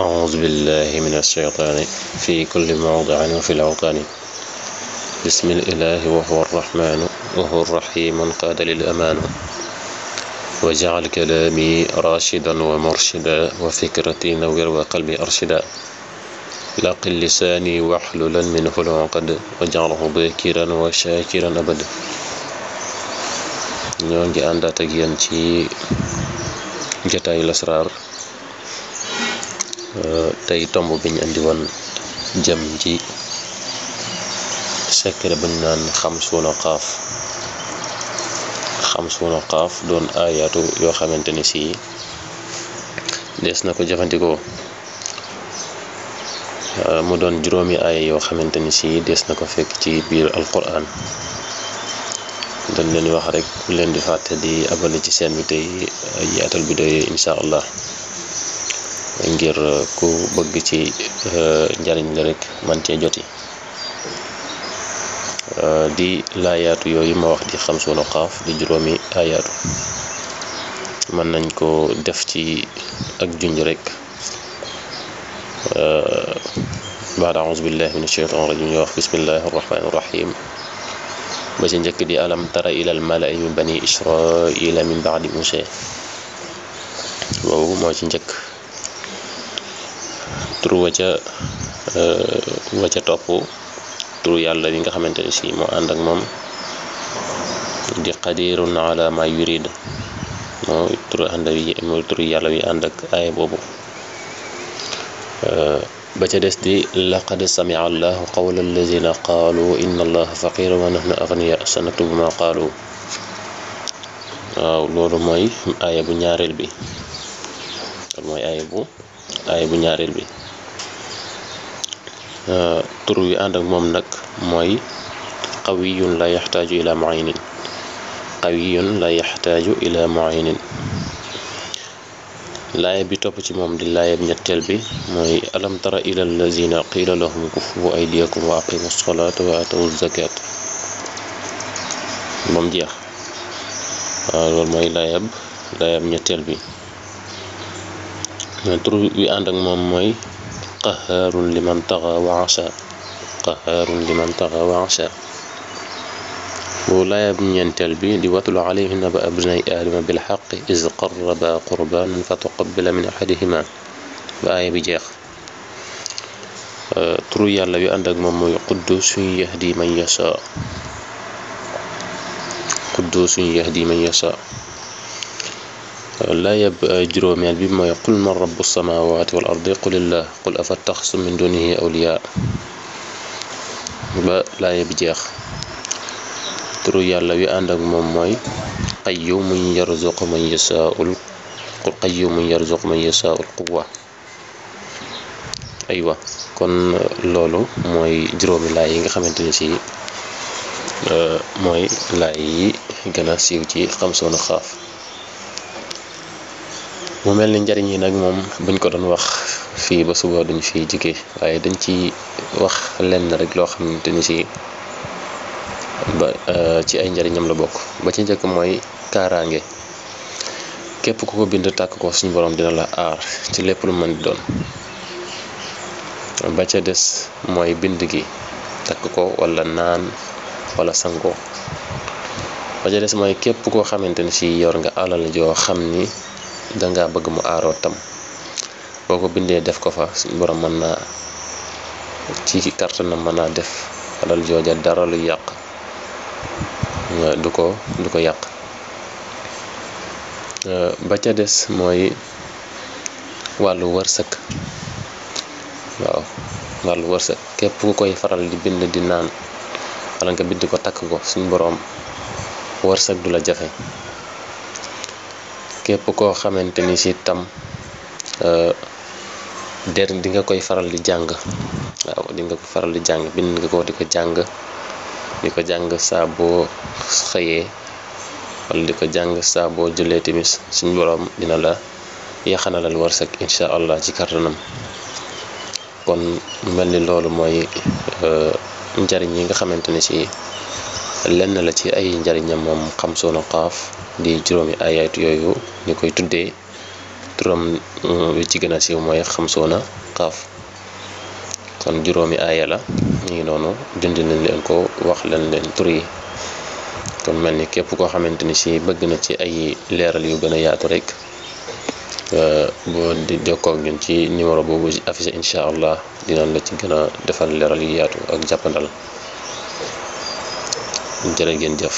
أعوذ بالله من الشيطان في كل موضع وفي الأوطان بسم الإله وهو الرحمن وهو الرحيم قاد للأمان وجعل كلامي راشدا ومرشدا وفكرتي نوير وقلبي أرشدا لق لساني واحللا منه العقد وجعله ذاكرا وشاكرا أبدا ñoo ngi àndaat ak yéen ci jotaayu lasraar tey tomb bi ñu andi woon jëm ci secret bu ñu naan xam qaaf xaaf doon aayaatu yoo xamante ni si des na ko jëfandikoo ah, mu doon juróomi aaya yoo xamante ni si des na ko fekk ci biir alquran dañ leen wax rek bu leen di fàtte di abonné ci seen bi tey yaatal bi doyee allah ngir uh, ku bëgg ci uh, njariñ la rek man cee joti uh, di layaatu yooyu ma wax di xam sunu xaaf di juróomi ayaatu mën nañ ko def ci ak junj rek baada auzu billahi min asheytan rajim ñu wax bismillahi arrahmani njëkk di alam tara ila al malai min bani israila min baadi musa boobu moo ci njëkk tur wa ca euh, wa ca topp turu yàlla yi nga xamante ne si moo ànd ak moom di qadirun ala ma yurid mooy yàlla wi ànd ak aaya boobu euh, ba ca des di laqad samia allahu qawla allazina qaalu inna allaha faqir wa nahnu agniya sanaktubu ma qaalu waaw loolu mooy aaya bu ñaareel bi mooy aaya bu ñaareel bi Euh, tur wi ànd moom nag mooy qawiyun la yaxtaaju ila muayinin qawiyun la yaxtaaju ila muayinin laaya bi topp ci moom di laayab ñetteel bi mooy alam tara ila allazina qiila lahum kufu aydiyakum wa aqimu salaata wa atawu zakat moom jeex mooy laayab laayab ñetteel bi tur wi ànd moom mooy qahaarun liman taxa wa asha qahaarun liman taxa wa asha bu laaya bu ñeenteel bi di watlu alayhi naba abnay aadama bil xaqi is qarraba qurbanan fa tuqabbila min ahadihima ba aaya bi jeex euh, turu yàlla wi ànd ak moom mooy quddusun yahdi man yasha quddusun yahdi man yasha laayab eh, juróomeel bi mooy qul man rabbu samaawaati wal ardi qulillah qul afattaxsu min dunihi awliyaa ba laaya bi jeex turu yàlla wi ànd ak moom mooy qayyumun yarzuqu man yashaa'ul qul qayyumun yarzuqu man yashaa'ul quwwa aywa kon eh, loolu mooy juróomi laay yi nga xamante ni si eh, mooy laay yi gën a siiw ci xam soonu xaaf mu mel ni njariñ yi nag moom buñ ko doon wax fii ba suba duñ fi jugee waaye dañ ci wax lenn rek loo xamante ni si ba euh, ci ay njariñam la bokk ba ci njëkk mooy kaaraange képp ku ko bind tàkk ko suñu boroom dina la aar ci lépp lu mën di doon ba ca des mooy bind gi takk ko walla naan walla sango ba ca des mooy képp koo xamante ni si yor nga alal joo xam ni danga bëgg mu aaroo tam boo ko bindee def ko fa suñu borom mën naa ci carte na mën naa def alal jooja dara lu yàq du ko du ko yàq ba ca des mooy wàllu wërsëg waaw wàllu wërsëg képp ku koy faral di bind di naan wala nga bind ko takk ko suñ boroom wërsëg du la jafe képp koo xamante ni si tam euh, der di nga koy faral di jàng waaw dinga ko faral di jàng bind nga ko di ko jàng di ko jàng saaboo xëyee wala di ko jàng saaboo boo jullee timis suñ boroom dina la yaxanalal warsak incha allah ci kàttanam kon mel ni loolu mooy euh, njariñ yi nga xamante ni lenn la ci ay njariñam xam sunu xaaf di juróomi ayat yooyu ñu koy tuddee turam mm, wi ci gën a siiw mooy xam suna xaaf kon juróomi aaya la ñu ngi noonu dund nañ leen ko wax leen leen tur yi kon mel ni képp koo xamante ni si bëgg na ci ay leeral yu gën a yaatu rek euh, boo di jokkook ñun ci numéro boobu affiché incha allah dinañ la ci gën a defal leeral yu yaatu ak jàppandal jërë ngeen jëf